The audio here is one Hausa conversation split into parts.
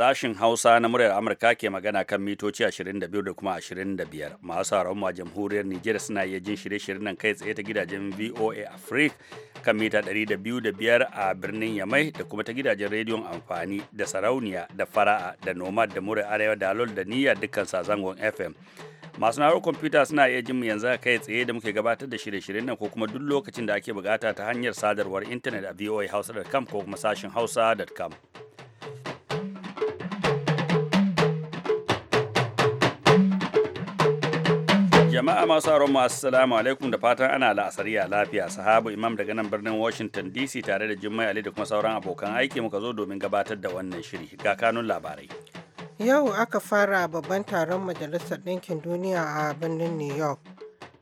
Sashin Hausa na muryar Amurka ke magana kan mitoci 22 da kuma 25. Masu mu a jamhuriyar Nijar suna iya jin shirye-shiryen nan kai tsaye ta gidajen VOA Africa kan mita 205 a birnin Yamai da kuma ta gidajen rediyon amfani da sarauniya da fara'a da nomad da muryar arewa da alol da niyya dukkan sazangon FM. Masu na'urar kwamfuta suna iya jin mu yanzu kai tsaye da muke gabatar da shirye-shiryen nan ko kuma duk lokacin da ake bukata ta hanyar sadarwar intanet a voahausa.com ko kuma sashin hausa.com. Jama'a masu aron mu assalamu alaikum da fatan ana la'asari a lafiya sahabu imam daga nan birnin Washington DC tare da jimmai Ali da kuma sauran abokan aiki muka zo domin gabatar da wannan shiri ga kanun labarai. Yau aka fara babban taron Majalisar Ɗinkin Duniya a birnin New York.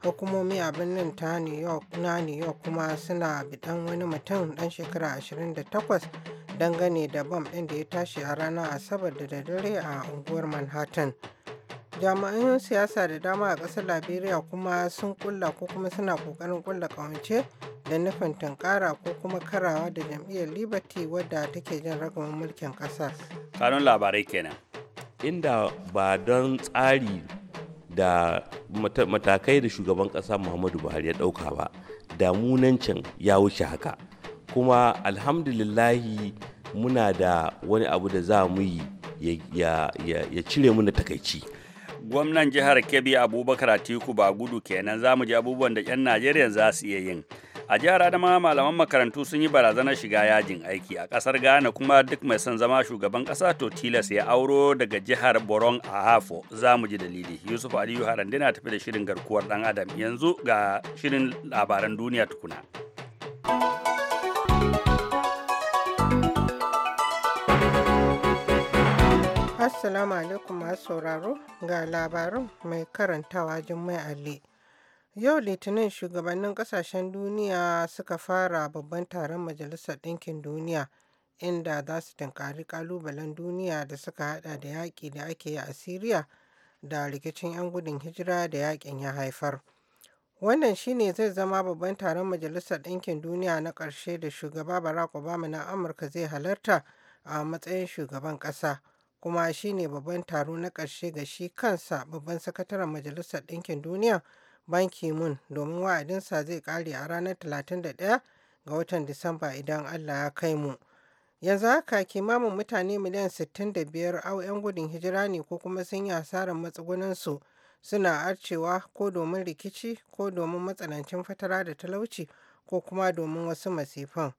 Hukumomi a birnin ta New York na New York kuma suna bidan wani mutum dan shekara 28 dangane da bam ɗin da ya tashi a ranar Asabar da dare a unguwar Manhattan. jami'an siyasa da dama a ƙasar liberia kuma sun kulla ko kuma suna ƙoƙarin kulla ƙawance da nufin tunkara ko kuma karawa da jam'iyyar liberty wadda take jin ragamin mulkin ƙasar kanun labarai kenan inda ba don tsari da matakai da shugaban ƙasa muhammadu buhari ya ɗauka ba da damunancin ya wuce haka kuma alhamdulillahi muna da wani abu da za mu yi ya cire mu takaici gwamnan jihar kebbi abubakar atiku ba gudu kenan za mu ji abubuwan da 'yan najeriya za su iya yin a jihar adama malaman makarantu sun yi barazanar shiga yajin aiki a kasar ghana kuma duk mai son zama shugaban kasa to tilas ya auro daga jihar boron a hafo za mu ji dalili yusuf aliyu harandina tafi da shirin garkuwar dan adam yanzu ga shirin labaran duniya tukuna. Assalamu alaikum masu sauraro ga labarin mai karantawa Jummai Ali. Yau Litinin shugabannin kasashen duniya suka fara babban taron Majalisar Ɗinkin Duniya inda za su tunkari ƙalubalen duniya da suka hada da yaƙi da ake yi a Siriya da rikicin 'yan gudun hijira da yaƙin ya haifar. Wannan shine zai zama babban taron Majalisar Ɗinkin Duniya na ƙarshe da shugaba Barack Obama na Amurka zai halarta a matsayin shugaban ƙasa. kuma shi ne babban taro na ƙarshe ga shi kansa babban sakataren majalisar ɗinkin duniya ban ki-moon domin wa'adinsa zai ƙare a ranar 31 ga watan disamba idan allah ya kai mu yanzu haka kimamin mutane miliyan 65 au 'yan gudun hijira ne ko kuma sun yi asarar matsugunansu suna arcewa ko domin rikici ko domin matsanancin fatara da talauci ko kuma domin wasu masifan.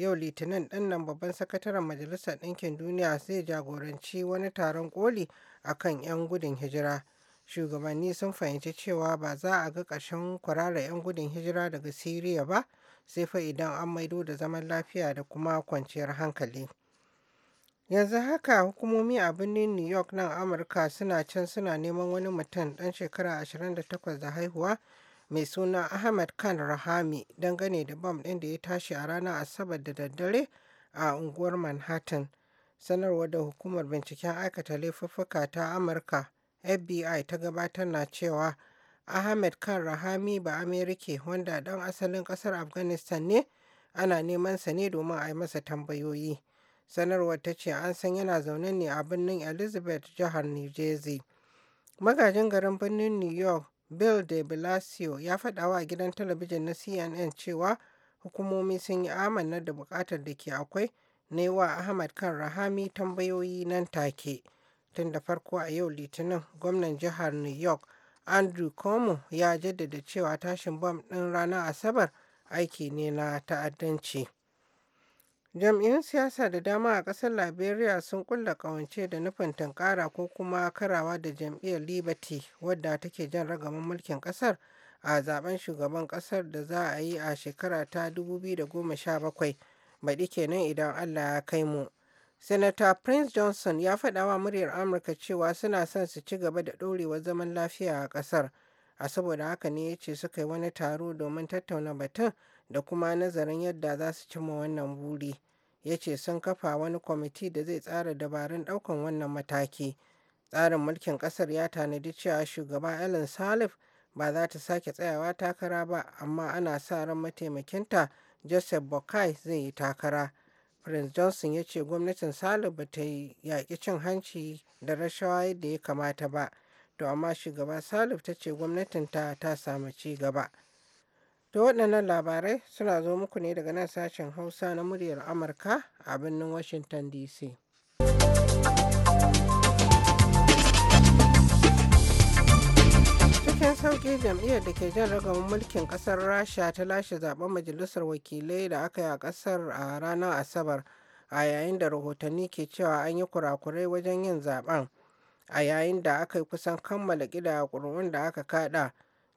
yau litinin ɗannan babban sakataren majalisar ɗinkin duniya zai jagoranci wani taron koli a kan 'yan gudun hijira shugabanni sun fahimci cewa ba za a ga ƙarshen kwarara 'yan gudun hijira daga siriya ba sai fa idan an maido da zaman lafiya da kuma kwanciyar hankali yanzu haka hukumomi a birnin new york nan amurka suna can suna neman wani mutum ɗan shekara 28 da haihuwa mai suna Ahmad Khan Rahami dangane da bam ɗin da ya tashi a ranar Asabar da daddare a unguwar Manhattan. Sanarwar da hukumar binciken aikata laifuffuka ta Amurka FBI ta gabatar na cewa Ahmed Khan Rahami ba amerika wanda 'dan asalin ƙasar Afghanistan ne ana neman sa ne domin a yi masa tambayoyi. Sanarwar ta ce an san yana zaune ne a birnin Elizabeth jihar New Jersey. Magajin garin birnin New York bill de blasio ya faɗawa gidan talabijin na cnn cewa hukumomi sun yi amanna da buƙatar da ke akwai na yi wa ahmad kan rahami tambayoyi nan take tun da farko a yau litinin gwamnan jihar new york andrew cuomo ya jaddada cewa tashin bom ɗin ranar asabar aiki ne na ta'addanci Jam'iyyun siyasa da dama a ƙasar Liberia sun ƙulla ƙawance da nufin tunƙara ko kuma karawa da jam'iyyar Liberty wadda take jan ragaman mulkin ƙasar a zaben shugaban ƙasar da za a yi a shekara ta 2017 baɗi kenan idan Allah ya kai mu. Senator Prince Johnson ya faɗa wa muryar Amurka cewa suna son su ci gaba da ɗorewar zaman lafiya a ƙasar. A saboda haka ne ya ce suka yi wani taro domin tattauna batun da kuma nazarin yadda za su cimma wannan buri ya ce sun kafa wani kwamiti da zai tsara dabarun ɗaukan wannan mataki tsarin mulkin ƙasar ya tanadi cewa shugaba ellen salif ba za ta sake tsayawa takara ba amma ana sa ran mataimakinta joseph bokai zai yi takara prince johnson ya ce gwamnatin salif ba ta yaƙi cin hanci da rashawa yadda ya kamata ba to amma shugaba salif ta ce gwamnatinta ta samu ci gaba. To waɗannan labarai suna zo muku ne daga nan sashen Hausa na muryar Amurka a birnin Washington DC. Cikin sauƙi jam'iyyar da ke jan ragamin mulkin ƙasar Rasha ta lashe zaben majalisar wakilai da aka yi a ƙasar a ranar Asabar a yayin da rahotanni ke cewa an yi kurakurai wajen yin zaben a yayin da aka yi kusan kammala ƙida ƙuri'un da aka kaɗa.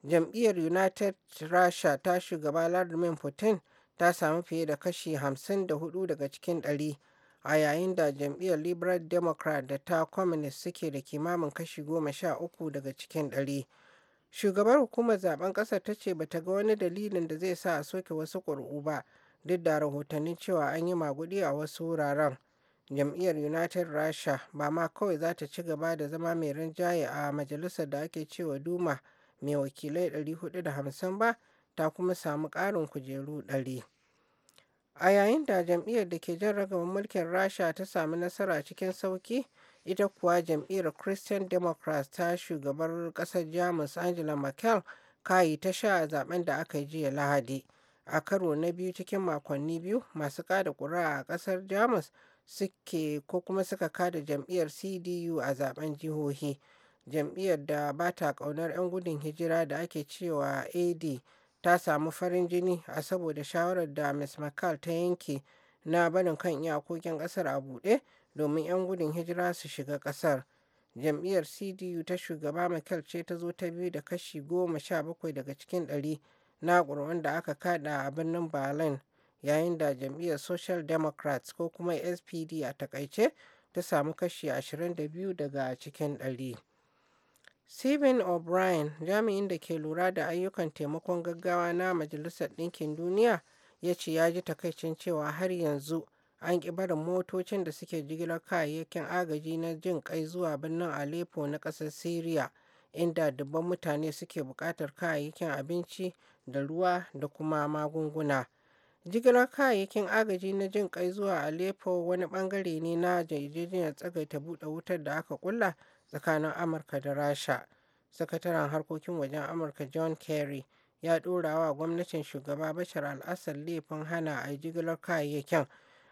jam'iyyar united russia ta shugaba vladimir putin ta samu fiye da kashi 54 daga cikin ɗari, a yayin da jam'iyyar liberal democrat da ta communist suke da kimamin kashi 13 daga cikin ɗari. shugabar hukumar zaben kasar ta ce bata ga wani dalilin da zai sa a soke wasu ƙuri'u ba duk da rahotannin cewa an yi maguɗi a wasu wuraren jam'iyyar united russia ba ma kawai za ta ci gaba da zama mai rinjaye a majalisar da ake cewa duma mai wakilai 450 ba ta kuma samu ƙarin kujeru 100. A yayin da jam'iyyar da ke jan ragaban mulkin Rasha ta sami nasara cikin sauki, ita kuwa jam'iyyar Christian Democrats ta shugabar ƙasar Jamus Angela Merkel kayi ta sha zaben da aka yi jiya Lahadi. A karo na biyu cikin makonni biyu masu kada ƙuri'a a ƙasar Jamus suke ko kuma suka kada jam'iyyar CDU a zaben jihohi. jam'iyyar da ba ta kaunar 'yan gudun hijira da ake cewa ad ta samu farin jini a saboda shawarar da ms mccall ta yanke na barin kan iyakokin kasar a buɗe domin 'yan gudun hijira su shiga kasar jam'iyyar cdu ta shugaba mccall ce ta zo ta biyu da kashi goma sha bakwai daga cikin ɗari na ƙuri'un da aka kada a birnin berlin yayin da jam'iyyar social democrats ko kuma spd a takaice ta samu kashi 22 daga cikin ɗari. Stephen O'Brien, jami'in da ke lura da ayyukan taimakon gaggawa na Majalisar Ɗinkin Duniya, ya ce ya ji takaicin cewa har yanzu an ƙi barin motocin da suke jigilar kayayyakin agaji na jin ƙai zuwa birnin Aleppo na ƙasar Siriya, inda dubban mutane suke buƙatar kayayyakin abinci da ruwa da kuma magunguna. Jigilar kayayyakin agaji na jin ƙai zuwa Aleppo wani ɓangare ne na jirgin tsagaita buɗe wutar da aka ƙulla? tsakanin amurka da rasha sakataren harkokin wajen amurka john kerry ya ɗora wa gwamnatin shugaba bashar al'asar assad laifin hana a jigilar kayayyakin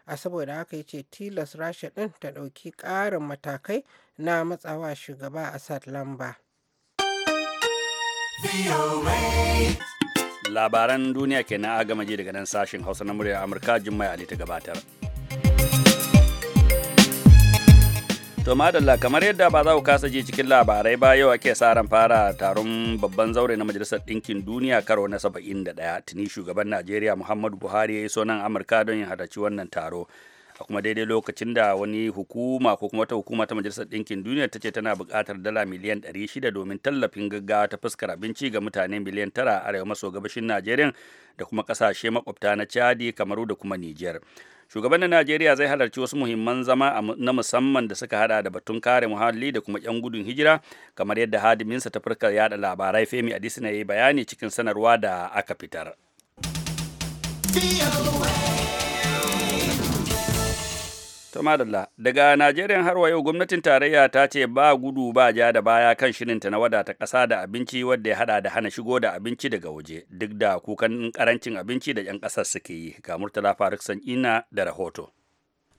a saboda haka ya ce tilas rasha ɗin ta ɗauki ƙarin matakai na matsawa shugaba assad lamba labaran duniya kenan a gama ji daga nan sashen hausa na murya amurka jummai ali ta gabatar To madalla kamar yadda ba za ku kasa je cikin labarai ba yau ake sa ran fara taron babban zaure na Majalisar Ɗinkin Duniya karo na 71 tuni shugaban Najeriya Muhammadu Buhari ya yi sonan Amurka don yin halarci wannan taro. A kuma daidai lokacin da wani hukuma ko kuma wata hukuma ta Majalisar Ɗinkin Duniya ta ce tana buƙatar dala miliyan 600 domin tallafin gaggawa ta fuskar abinci ga mutane miliyan 9 arewa maso gabashin Najeriya da kuma ƙasashe makwabta na Chadi, Kamaru da kuma Nijar. shugaban na najeriya zai halarci wasu muhimman zama na musamman da suka hada da batun kare muhalli da kuma yan gudun hijira kamar yadda hadiminsa ta farkar yada labarai femi adisina ya yi bayani cikin sanarwa da aka fitar. To madalla daga Najeriya har wa yau gwamnatin tarayya ta ce ba gudu ba ja da baya kan shirinta na wadata ƙasa da abinci wadda ya hada da hana shigo da abinci daga waje duk da kukan karancin abinci da 'yan ƙasar suke yi ga Murtala Faruk San'ina da rahoto.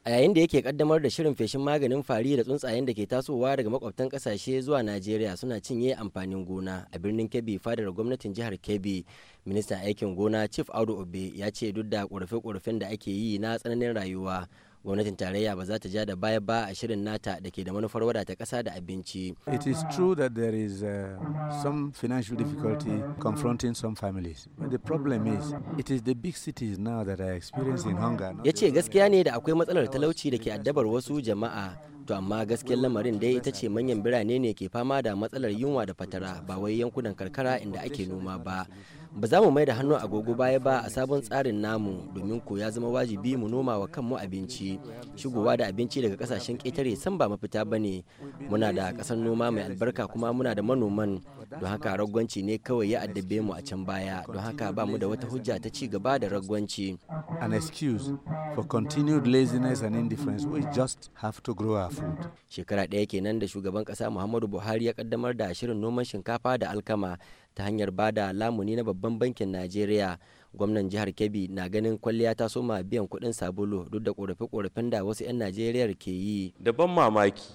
a yayin da yake kaddamar da shirin feshin maganin fari da tsuntsayen da ke tasowa daga makwabtan kasashe zuwa najeriya suna cinye amfanin gona a birnin kebbi fadar gwamnatin jihar kebbi ministan aikin gona chief audu obe ya ce duk da ƙorafe-ƙorafen da ake yi na tsananin rayuwa gwamnatin tarayya ba za ta ja da baya ba a shirin nata da ke da manufar wadata kasa da abinci. It is true that there is uh, some financial difficulty confronting some families. But the problem is it is the big cities now that are experiencing hunger. Ya ce gaskiya ne da akwai matsalar talauci da ke addabar wasu jama'a to amma gaskiyar lamarin dai ita ce manyan birane ne ke fama da matsalar yunwa da fatara ba wai yankunan karkara inda ake noma ba ba za mu mai da hannu agogo baya ba a sabon tsarin namu domin ko ya zama wajibi mu noma wa kanmu abinci shigowa da abinci daga kasashen ketare san ba mafita ba ne muna da ƙasar noma mai albarka kuma muna da manoman don haka ragwanci ne kawai ya addabe mu a can baya don haka ba mu da wata hujja ta ci gaba da ragwanci an excuse for continued laziness and indifference we just have to grow our food shekara ɗaya kenan da shugaban ƙasa muhammadu buhari ya kaddamar da shirin noman shinkafa da alkama ta hanyar bada lamuni na babban bankin najeriya gwamnan jihar kebbi na ganin kwalliya ta soma biyan kudin sabulu duk da korafe-korafen da wasu 'yan najeriya ke yi daban mamaki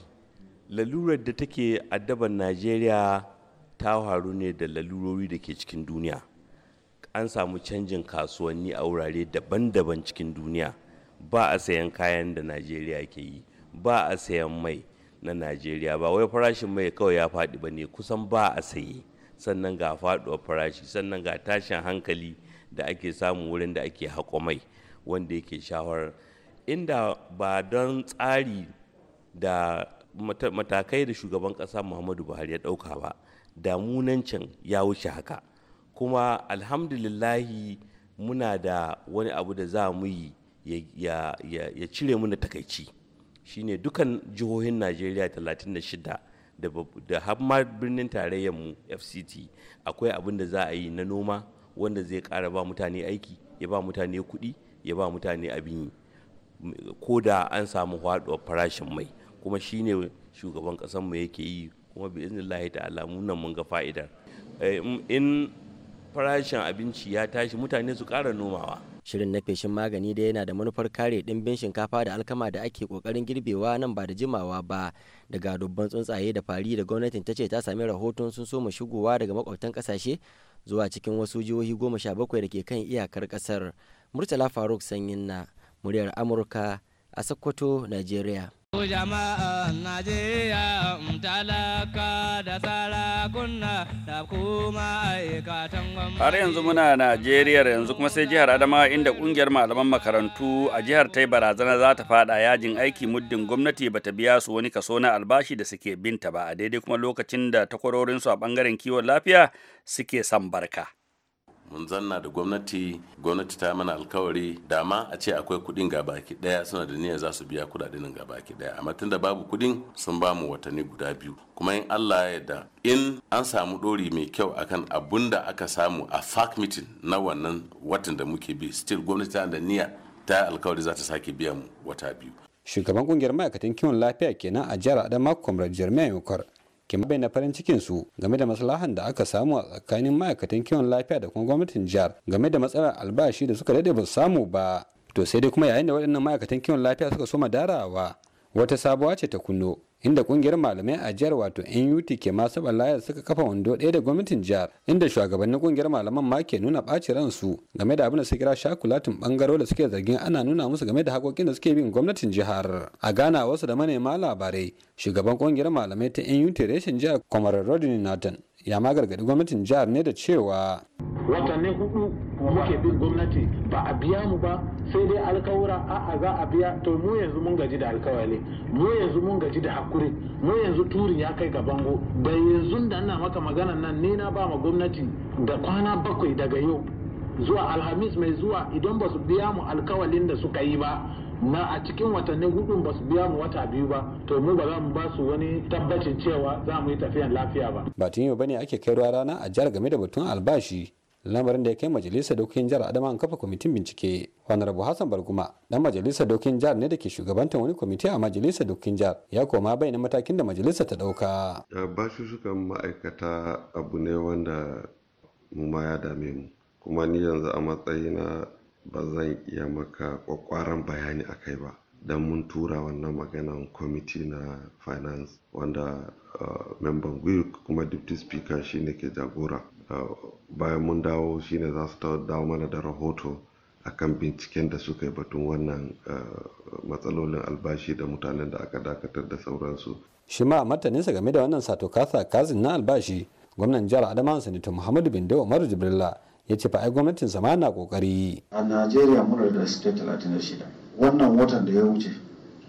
lalurar da take addaban najeriya ta faru ne da lalurori da ke cikin duniya an samu canjin kasuwanni a wurare daban-daban cikin duniya ba a sayan kayan da najeriya ke yi ba a sayan mai na najeriya ba wai farashin mai kawai ya faɗi ba ne kusan ba a saye sannan ga faduwar farashi sannan ga tashin hankali da ake samu wurin da ake haƙo mai wanda yake shawar inda ba don tsari da matakai da shugaban ƙasa muhammadu buhari ya ɗauka ba da damunancin ya wuce haka kuma alhamdulillahi muna da wani abu da za mu yi ya cire muna takaici shine dukan jihohin najeriya 36 da har ma birnin tarayyar mu fct akwai abin da za a yi na noma wanda zai kara ba mutane aiki ya ba mutane kuɗi ya ba mutane abin yi ko da an samu faɗuwar farashin mai kuma shi ne shugaban mu yake yi kuma bi iznillahi mun nan mun ga fa'idar eh, in farashin abinci ya tashi mutane su ƙara nomawa shirin na feshin magani da yana da manufar kare ɗimbin shinkafa da alkama da ake kokarin girbewa nan ba da jimawa ba daga dubban tsuntsaye da fari da gwamnatin ta ce ta sami rahoton sun soma shigowa daga makwabtan kasashe zuwa cikin wasu jihohi goma sha bakwai da ke kan iyakar kasar murtala faruk sanyin na muryar amurka a sokoto nigeria jama'a najeriya da sarakuna da kuma har yanzu muna najeriya yanzu kuma sai jihar adamawa inda kungiyar malaman makarantu a jihar ta barazana za ta fada yajin aiki muddin gwamnati ba ta biya su wani kaso na albashi da suke binta ba a daidai kuma lokacin da takwarorinsu a bangaren kiwon lafiya suke son barka mun zanna da gwamnati gwamnati ta mana alkawari dama a ce akwai kudin gabaki daya suna da niyyar za su biya kudaden gabaki daya amma tunda babu kudin sun ba mu watanni guda biyu kuma in Allah ya yarda in an samu dori mai kyau akan abun da aka samu a fac meeting na wannan watan da muke bi still gwamnati ta da niyya ta alkawari za ta sake biya mu wata biyu shugaban kungiyar ma'aikatan kiwon lafiya kenan a jihar adamawa comrade jermaine yukar ke bayyana farin cikin su game da maslahan da aka samu a tsakanin ma'aikatan kiwon lafiya da kuma gwamnatin jihar game da matsalar albashi da suka daɗe ba su samu ba to sai dai kuma yayin da waɗannan ma'aikatan kiwon lafiya suka soma darawa wata sabuwa ce ta kunno inda kungiyar malamai a jihar wato NUT ke masu balaya suka kafa wando ɗaya da gwamnatin jihar inda shugabannin kungiyar malaman ma ke nuna ɓacin ransu game da abin da suke kira shakulatin bangaro da suke zargin ana nuna musu game da hakokin da suke bin gwamnatin jihar a gana wasu da manema labarai shugaban kungiyar malamai ta NUT reshen jihar Kwamar Rodney Nathan ya ma gargadi gwamnatin jihar ne da cewa watanni hudu muke bin gwamnati ba a biya mu ba sai dai alkawura a a za a biya to mu yanzu mun gaji da alkawari mu yanzu mun gaji da hakuri mu yanzu turin ya kai ga bango bai yanzu da ina maka magana nan ni na ba ma gwamnati da kwana bakwai daga yau zuwa alhamis mai zuwa idan ba su biya mu alkawalin da suka yi ba na a cikin watanni hudun ba su biya mu wata biyu ba to mu ba za mu ba su wani tabbacin cewa za mu yi tafiyan lafiya ba ba tun ba bane ake kai ruwa rana a jihar game da batun albashi lamarin da ya kai majalisar dokokin jihar adama an kafa kwamitin bincike rabu hassan barguma dan majalisar dokokin jihar ne da ke shugabantar wani kwamiti a majalisar dokokin jihar ya koma bayyana matakin da majalisar ta dauka bashi sukan ma'aikata abu ne wanda mu ma ya dame mu kuma ni yanzu a na. ba zan iya maka ƙwaƙƙwaran bayani a kai ba don mun tura wannan maganan kwamiti na finance wanda uh, memban gwiwa kuma deputy speaker shine ke jagora uh, bayan mun dawo shine za su dawo mana da rahoto akan binciken da suka yi batun wannan uh, matsalolin albashi da mutanen da aka dakatar da sauransu. shi ma martaninsa game da wannan sato kasa kazin na albashi gwamnan jihar adamawa sanito muhammadu bindo umaru jibrila ya ce ba ai gwamnatin zama na kokari a najeriya muna da state shida. wannan watan da ya wuce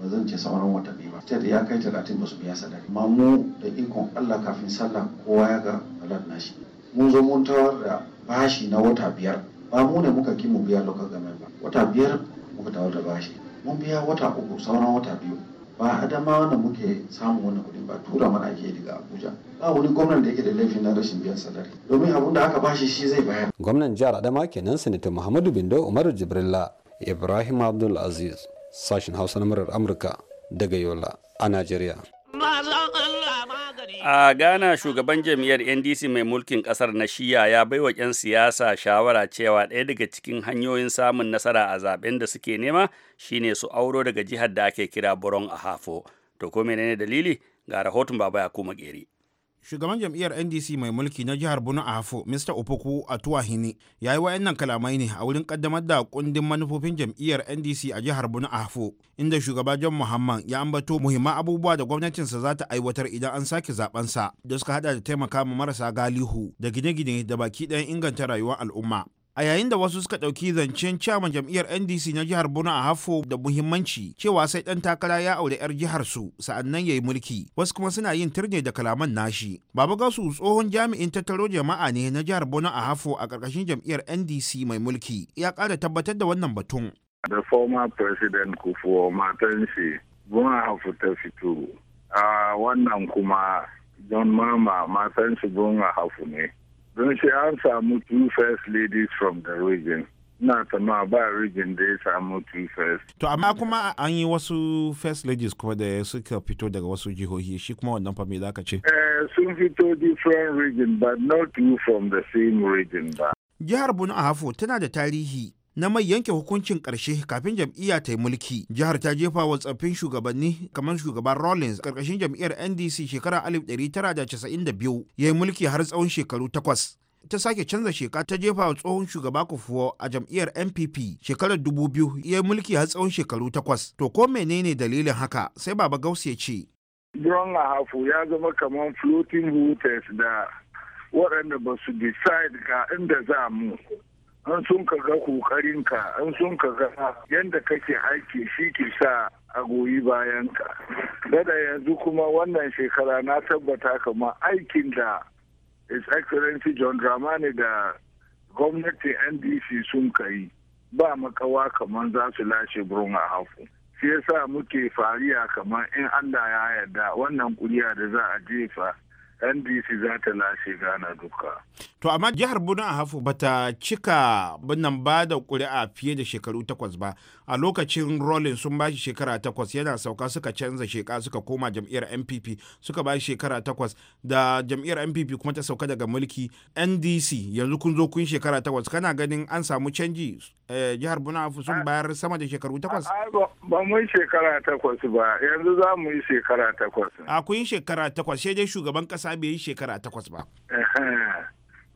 ba zan ce sauran watanni ba state ya kai talatin ba su biya sadari amma mu da ikon allah kafin sallah kowa ya ga alert nashi mun zo mun tawar da bashi na wata biyar ba mu ne muka ki mu biya local government ba wata biyar muka tawar da bashi mun biya wata uku sauran wata biyu ba adamawa da muke samun wannan kuɗin ba tura mana ake daga abuja ba wani gwamnan da yake da laifin na rashin biyan salari domin abun da aka bashi shi zai bayar gwamnan jihar adama kenan sanata muhammadu bindo umaru jibrilla ibrahim abdul aziz sashen hausa na murar amurka daga yola a najeriya A Ghana shugaban jam'iyyar NDC mai mulkin kasar na shiya ya baiwa 'yan siyasa shawara cewa ɗaya daga cikin hanyoyin samun nasara a zaben da suke nema shine su auro daga jihar da ake kira Boron a Hafo. To ko menene dalili? Ga rahoton Baba Yakubu Makeri. shugaban jam'iyyar ndc mai mulki na jihar borno a mr opoku atuwahini ya yi wa'annan kalamai ne a wurin kaddamar da kundin manufofin jam'iyyar ndc a jihar borno a inda shugaba john muhammad ya ambato muhimman abubuwa da gwamnatinsa za ta aiwatar idan an sake zabensa da suka hada da taimaka ma marasa galihu da gine-gine da baki ɗayan inganta rayuwar al'umma a yayin da wasu suka ɗauki zancen caman jam'iyyar ndc na jihar borno a hafo da muhimmanci cewa sai ɗan takara ya aure 'yar jihar su sa'annan ya yi mulki wasu kuma suna yin turne da kalaman nashi baba gasu tsohon jami'in tattaro jama'a ne na jihar borno a hafo a ƙarƙashin jam'iyyar ndc mai mulki ya ƙara tabbatar da wannan batun da former president kufuwa matan shi buna hafu ta fito a wannan kuma john mama matan shi buna hafu ne don shi an samu two first ladies from the region na sama ba region da ya samu two first to amma kuma an yi wasu first ladies kuma da suka fito daga wasu jihohi shi kuma wannan fami me aka ce eh, sun fito different region but not two from the same region ba jihar Borno a Hafo tana da tarihi na mai yanke hukuncin ƙarshe kafin jam'iyya ta yi mulki. Jihar ta jefa wa tsaffin shugabanni kamar shugaban Rawlings karkashin jam'iyyar NDC shekara 1992 ya yi mulki har tsawon shekaru takwas. ta sake canza sheka ta jefa wa tsohon shugaba kufuwa a jam'iyyar npp shekarar dubu biyu ya mulki har tsawon shekaru takwas to ko menene dalilin haka sai baba gaus ya ce a lahafu ya zama kamar floating voters da waɗanda ba su decide ga inda za mu an sun ka ga kokarinka an sun ka ga yadda kake aiki shi ke sa a goyi bayanka kada yanzu kuma wannan shekara na tabbata kama aikin da his excellency john dramani da gwamnati ndc sun kai ba makawa kamar za su lashe burin a hafu shi yasa muke fariya kamar in allah ya yarda wannan kuriya da za a jefa ndc za ta lashe gana duka To amma jihar Borno a hafu bata cika binnan ba da ƙuri'a fiye da shekaru takwas ba. A lokacin Rolling sun ba shi shekara takwas yana sauka suka canza sheka suka koma jam'iyyar NPP suka ba shi shekara takwas da jam'iyyar NPP kuma ta sauka daga mulki NDC yanzu kun zo kun shekara takwas kana ganin an samu canji eh, jihar Borno hafu sun bayar sama da shekaru takwas? Ba mun shekara takwas ba yanzu za mu yi shekara takwas. A kun yi shekara takwas sai dai shugaban kasa bai yi shekara takwas ba.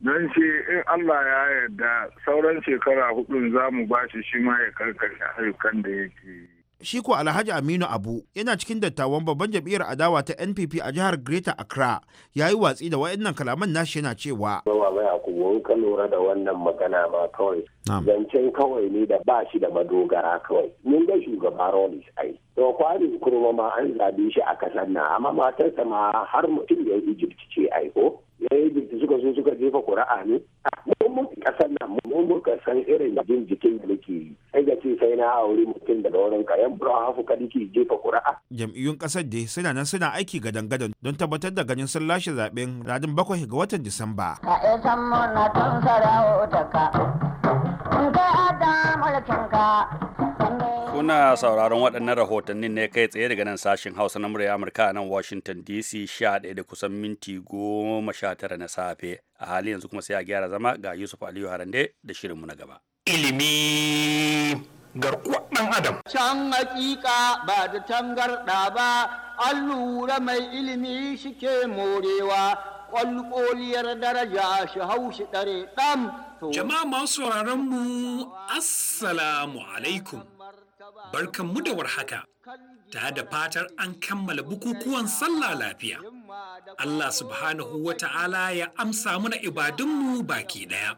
don shi in Allah ya yarda sauran shekara hudun za mu ba shi shi ma ya karkashe ayyukan da yake Shi ko Alhaji Aminu Abu yana cikin dattawan babban jam'iyyar adawa ta NPP a jihar Greater Accra ya yi watsi da wa'annan kalaman nashi yana cewa. Bawa mai akubu in ka lura da wannan magana ma kawai zancen kawai ne da ba shi da madogara kawai mun ga shugaba rollins ai to kwarin kurma ma an zabe shi a kasar nan amma matarsa ma har mutum ya egypt ce ai ko ya egypt suka so suka jefa ƙuri'a ne mun mutu kasar nan mun muka san irin jin jikin da nake yi sai ga ce sai na aure mutum daga wurin kayan bura hafu ka nake jefa ƙuri'a jam'iyyun kasar dai suna nan suna aiki gadan-gadan don tabbatar da ganin sun lashe zaben radin bakwai ga watan disamba. Ka san mun na tun sarawo ta ka. Kuna sauraron waɗannan rahotannin ne kai tsaye daga nan sashen Hausa na murya Amurka a nan Washington DC sha ɗaya da kusan minti goma sha tara na safe. A halin yanzu kuma sai a gyara zama ga Yusuf Aliyu Harande da shirinmu na gaba. Ilimi garkuwar ɗan adam. Can hakika ba da tangarɗa ba, allura mai ilimi shike morewa, ƙwalƙoliyar daraja shi haushi ɗare ɗan. Jama'a masu sauraron mu Assalamu alaikum. mu da warhaka, ta da fatar an kammala bukukuwan sallah lafiya. Allah subhanahu wa ta'ala ya amsa muna ibadunmu baki ɗaya,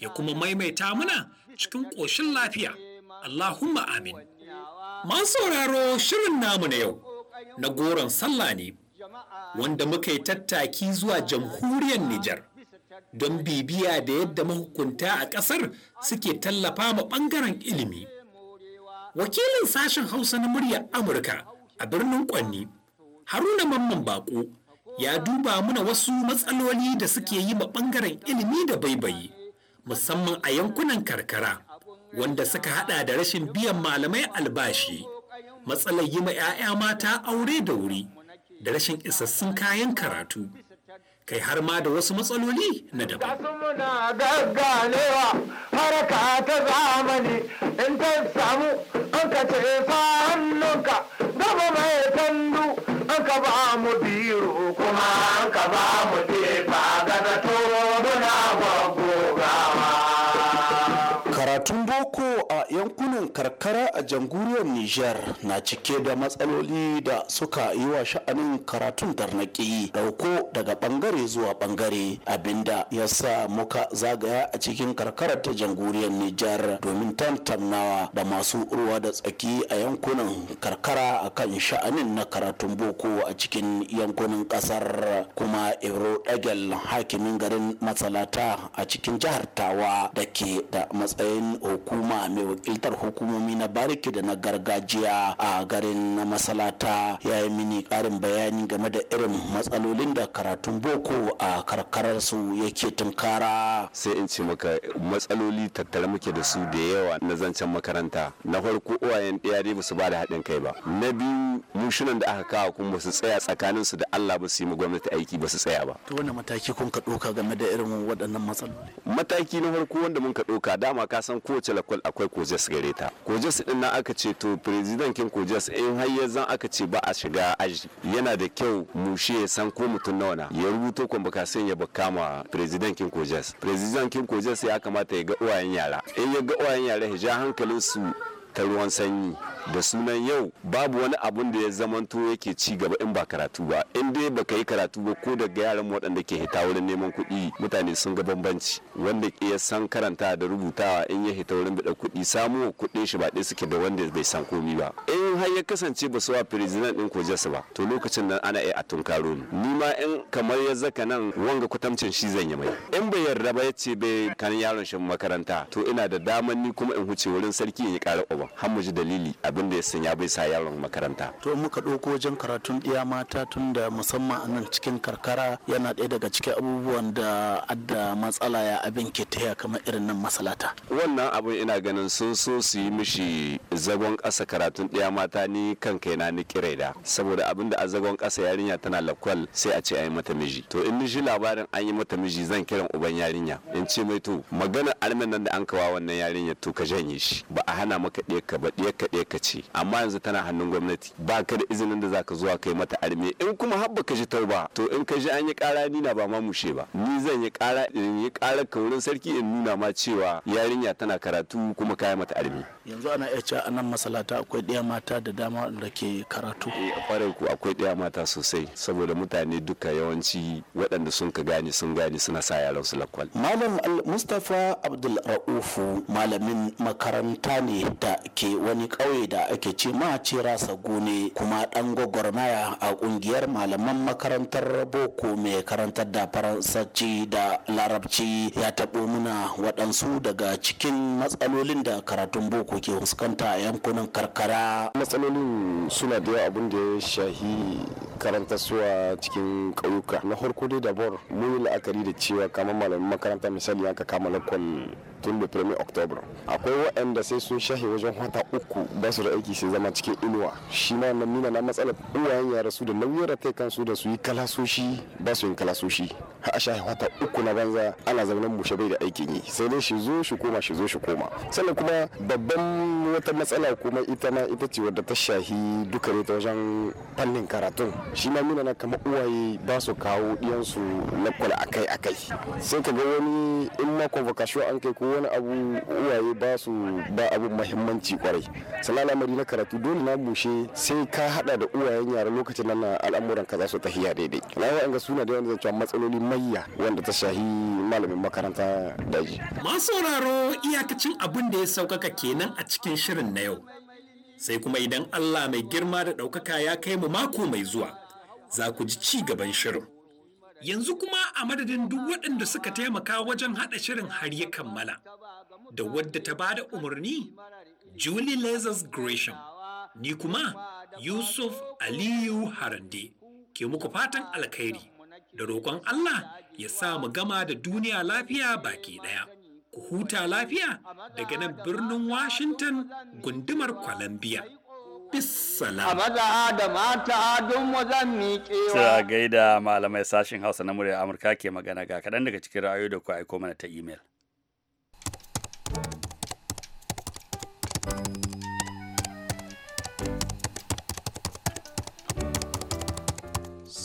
ya kuma maimaita muna cikin ƙoshin lafiya. Allahumma amin. Masu sauraro shirin namu na yau, na goron sallah ne, wanda muka yi tattaki zuwa jamhuriyar Nijar. don bibiya da yadda mahukunta a ƙasar suke tallafa ma ɓangaren ilimi. Wakilin sashen Hausa na murya Amurka a birnin Kwanni, Haruna Mamman Bako, ya duba mana wasu matsaloli da suke yi ma ɓangaren ilimi da baibayi, musamman a yankunan karkara, wanda suka hada da rashin biyan malamai albashi, matsalar yi ma 'ya'ya mata aure da wuri, da rashin isassun kayan karatu. kai har ma da wasu matsaloli na daban. muna gagganewa haraka ta zamani in ta samu an ka ce hannunka gaba mai tandu an ka ba mu biro kuma an ka ba mu karkara a jamhuriyar Nijar na cike da matsaloli da suka yi wa sha'anin karatun tarnaƙi dauko daga bangare zuwa bangare abinda ya sa muka zagaya a cikin karkara ta jamhuriyar Nijar domin tantanawa da masu ruwa da tsaki a yankunan karkara a kan sha'anin na karatun boko a cikin yankunan kasar kuma Ibro Dagel hakimin garin Matsalata a cikin jihar Tawa da ke da matsayin hukuma mai wakiltar hukuma hukumomi na bariki da na gargajiya a garin na masalata ya yi mini karin bayani game da irin matsalolin da karatun boko a karkarar su yake tunkara sai in ce maka matsaloli tattare muke da su da yawa na zancen makaranta na farko uwayen ɗaya dai ba su ba da haɗin kai ba na biyu mushunan da aka kawo kuma su tsaya tsakanin su da Allah ba su yi gwamnati aiki ba su tsaya ba to wannan mataki kun ka ɗauka game da irin waɗannan matsaloli mataki na farko wanda mun ka ɗauka dama ka san kowace lakwal akwai kojes gare ta kojas din nan aka ce to kin kojas in har ya zan aka ce ba a shiga aji yana da kyau mushe ya san ko mutum nawa na ya rubuto kwambakasin ya bakama kin kojas kin kojas ya kamata ya ga uwayen yara in ya ga uwayen yara ya ja hankalin su ta ruwan sanyi da sunan yau babu wani abun da ya zamanto yake ci gaba in ba karatu ba in dai baka yi karatu ba ko daga yaran waɗanda ke hita wurin neman kuɗi mutane sun ga bambanci wanda ke ya san karanta da rubutawa in ya hita wurin biɗa kuɗi samu kuɗin shi ba ɗaya suke da wanda bai san komi ba in har ya kasance ba su wa firizinan ɗin jasa ba to lokacin nan ana iya a tunkaro ni ni ma in kamar ya zaka nan wanga kutamcin shi zan yi mai in bai yarda ba ya ce bai kan yaron shi makaranta to ina da daman ni kuma in huce wurin sarki ya ƙara daban har mu ji dalili abin da ya sanya bai sa yaron makaranta to muka ɗauko wajen karatun ɗiya mata tun da musamman a nan cikin karkara yana ɗaya daga cikin abubuwan da adda matsala ya abin ke taya kamar irin nan masalata wannan abin ina ganin sun so su yi mishi zagon ƙasa karatun ɗiya mata ni kan na ni kiraida saboda abin da a zagon ƙasa yarinya tana lakwal sai a ce a yi mata miji to in ni ji labarin an yi mata miji zan kiran uban yarinya in ce mai to magana almin nan da an kawa wannan yarinya to ka janye shi ba a hana maka ɗiyarka ba ɗiyarka ka ce amma yanzu tana hannun gwamnati ba ka da izinin da zaka zuwa kai mata arme in kuma har baka ji tauba to in ka ji an yi ƙara nina ba ma mushe ba ni zan yi ƙara in yi ƙara ka wurin sarki in nuna ma cewa yarinya tana karatu kuma kaya mata arme yanzu ana iya cewa anan masalata akwai ɗaya mata da dama da ke karatu eh a ku akwai ɗaya mata sosai saboda mutane duka yawanci waɗanda sun ka gane sun gane suna sa yaran su lakwal malam mustafa abdul ra'ufu malamin makaranta ne da ke wani ƙauye da ake ce ma rasa gune kuma ɗan gwagwarmaya a ƙungiyar malaman makarantar boko mai karantar da faransanci da larabci ya taɓo muna waɗansu daga cikin matsalolin da karatun boko ke fuskanta a yankunan karkara matsalolin suna da yawa abin da ya shahi karanta suwa cikin ƙauyuka na farko dai bor mun yi la'akari da cewa kamar malamin makaranta misali yanka kama lakon tun da 1 oktoba akwai waɗanda sai sun shahi wajen tsawon wata uku ba su da aiki sai zama cikin inuwa shi ma na nuna na matsalar uwayen yara su da nauyin kai kansu da su yi kalasoshi ba su yin kalasoshi a sha wata uku na banza ana zaunan bushe bai da aikin yi sai dai shi zo shi koma shi zo shi koma sannan kuma babban wata matsala kuma ita ma ita ce wadda ta shahi duka ne ta wajen fannin karatun shi ma nuna na kama uwaye ba su kawo diyansu na kula akai akai sai ka ga wani in ma convocation an kai ko wani abu uwaye ba su ba abu mahimmanci muhimmanci kwarai sannan al'amari na karatu dole na bushe sai ka hada da uwayen yara lokacin nan al'amuran ka za su tafiya daidai na yi ga suna da yawan zan matsaloli mayya wanda ta shahi malamin makaranta daji masu sauraro iyakacin abin da ya saukaka kenan a cikin shirin na yau sai kuma idan Allah mai girma da ɗaukaka ya kai mu mako mai zuwa za ku ji ci gaban shirin. Yanzu kuma a madadin duk waɗanda suka taimaka wajen haɗa shirin har ya kammala, da wadda ta ba da umarni Julie Lazarus Gresham, ni kuma Yusuf Aliyu Harande, ke muku fatan alkhairi da roƙon Allah ya sa mu gama da duniya lafiya baki ɗaya. Ku huta lafiya daga nan birnin Washington gundumar Columbia. A gaida malamai sashen Hausa na murya Amurka ke magana ga kaɗan daga cikin ra'ayoyi da ku aiko mana ta imel.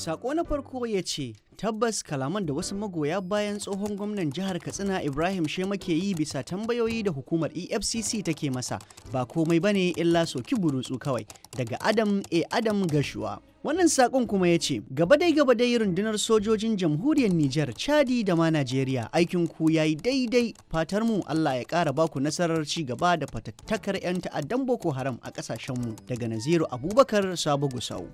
Sako na farko ya ce, tabbas kalaman da wasu magoya bayan tsohon gwamnan jihar Katsina Ibrahim Shema ke yi bisa tambayoyi da hukumar EFCC take masa ba komai bane illa soki burutsu kawai daga Adam e, Adam Gashuwa. Wannan saƙon kuma ya ce, gaba dai gaba dai rundunar sojojin jamhuriyar Nijar, Chadi da ma Najeriya aikin ku yi daidai fatar mu Allah ya ƙara baku nasarar ci gaba da fatattakar 'yan ta'addan Boko Haram a ƙasashen mu daga Naziru Abubakar Sabo Gusau.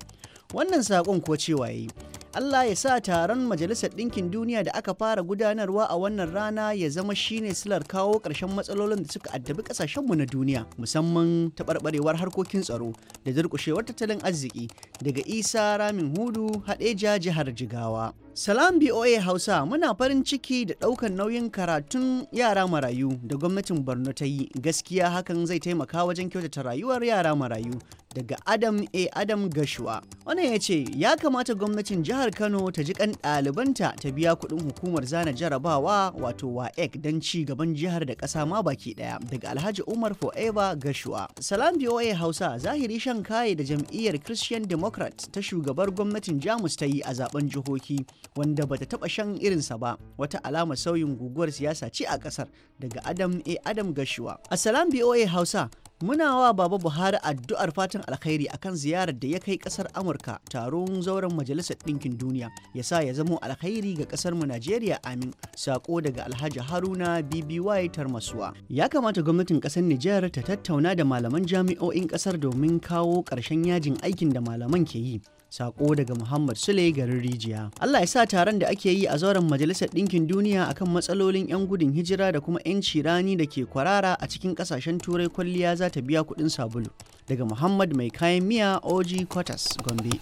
Wannan saƙon ko cewa ya yi, Allah ya sa taron Majalisar Ɗinkin Duniya da aka fara gudanarwa a wannan rana ya zama shine silar kawo ƙarshen matsalolin da suka addabi ƙasashenmu na duniya musamman taɓarɓarewar harkokin tsaro da durƙushe wata tattalin arziki daga isa ramin hudu haɗeja jihar jigawa Salam BOA Hausa muna farin ciki da ɗaukar nauyin karatun yara marayu da gwamnatin Borno ta yi gaskiya hakan zai taimaka wajen kyautata rayuwar yara marayu daga Adam A. Adam Gashua Wannan ya ce ya kamata gwamnatin jihar Kano ta ji kan ɗalibanta ta biya kuɗin hukumar zana jarabawa wato WAEC don ci gaban jihar da ƙasa ma baki ɗaya daga Alhaji Umar Forever Gashuwa. Salam BOA Hausa zahiri shan kaye da jam'iyyar Christian Democrat ta shugabar gwamnatin Jamus ta yi a zaben jihohi. wanda bata taba shan irinsa ba wata alamar sauyin guguwar siyasa ce a kasar daga adam a adam gashuwa a salam boa hausa muna wa baba buhari addu'ar fatan alkhairi akan ziyarar da ya kai kasar amurka taron zauren majalisar ɗinkin duniya ya sa ya zamo alkhairi ga kasar mu najeriya amin sako daga alhaji haruna bby tarmasuwa ya kamata gwamnatin kasar nijar ta tattauna da malaman jami'o'in kasar domin kawo ƙarshen yajin aikin da malaman ke yi Sako daga Muhammad Sule garin Rijiya. Allah ya sa taron da ake yi a zauren Majalisar Ɗinkin Duniya akan matsalolin 'yan gudun hijira da kuma 'yanci rani da ke kwarara a cikin ƙasashen Turai kwalliya za ta biya kuɗin sabulu. Daga Muhammad Mai Kayan Miya Oji Kwatas Gombe.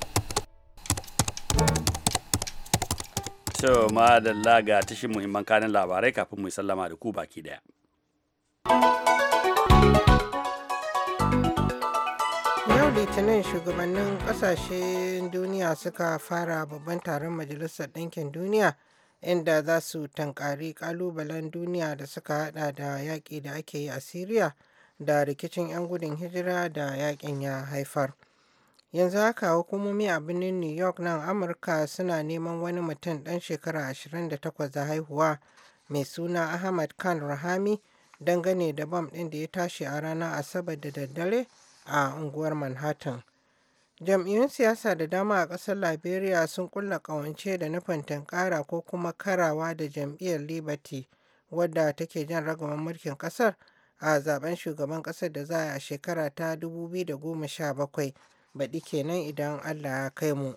To madalla ga tashin muhimman kanin labarai kafin mu sallama da ku baki ɗaya. litinin shugabannin kasashen duniya suka fara babban taron majalisar ɗinkin duniya inda za su tankari kalubalen duniya da suka hada da yaƙi da ake yi a syria da rikicin 'yan gudun hijira da yaƙin ya haifar yanzu haka hukumomi a birnin new york nan amurka suna neman wani mutum ɗan shekara 28 da haihuwa mai suna ahmad khan rahami dangane da bam ɗin da ya tashi a ranar asabar da daddare a unguwar Manhattan. Jam'iyyun siyasa da dama a ƙasar Liberia sun kulla ƙawance da nufin tankara ko kuma karawa da jam'iyyar Liberty wadda take jan ragaman mulkin ƙasar a zaben shugaban ƙasar da za a yi a shekara ta 2017 baɗi kenan idan Allah ya kai mu.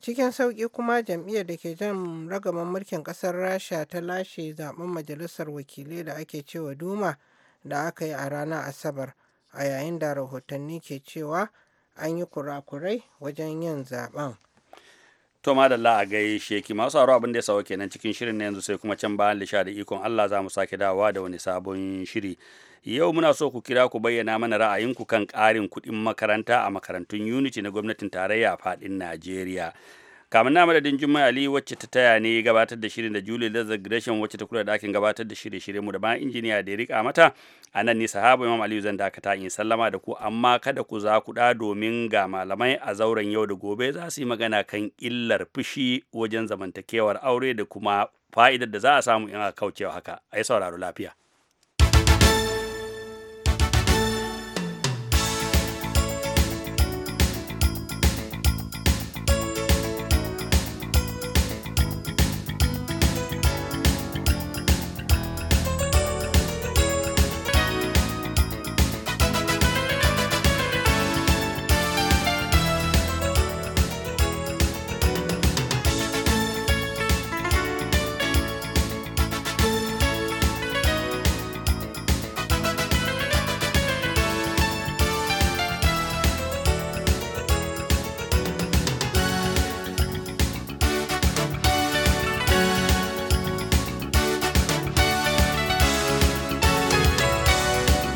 Cikin sauƙi kuma jam'iyyar da ke jan ragaman mulkin ƙasar Rasha ta lashe zaben majalisar wakilai da ake cewa Duma da aka yi a ranar Asabar. a yayin da rahotanni ke cewa an yi kurakurai wajen yin zaben. to madalla a gaishe sheki masu sauraro abin da ya sawo kenan cikin shirin na yanzu sai kuma can bayan lisha da ikon Allah za mu sake dawowa da wani sabon shiri yau muna so ku kira ku bayyana mana ra'ayinku kan ƙarin kuɗin makaranta a makarantun unity na gwamnatin tarayya a faɗin Najeriya kamar na madadin jummai ali wacce ta taya ne gabatar da shirin da julie lazar gresham wacce ta kula da ɗakin gabatar da shirye shirye mu da bayan injiniya da ya rika mata a nan ne sahaba imam aliyu zan dakata in sallama da ku amma kada ku za ku ɗa domin ga malamai a zauren yau da gobe za su yi magana kan illar fushi wajen zamantakewar aure da kuma fa'idar da za a samu in a kaucewa haka a yi sauraro lafiya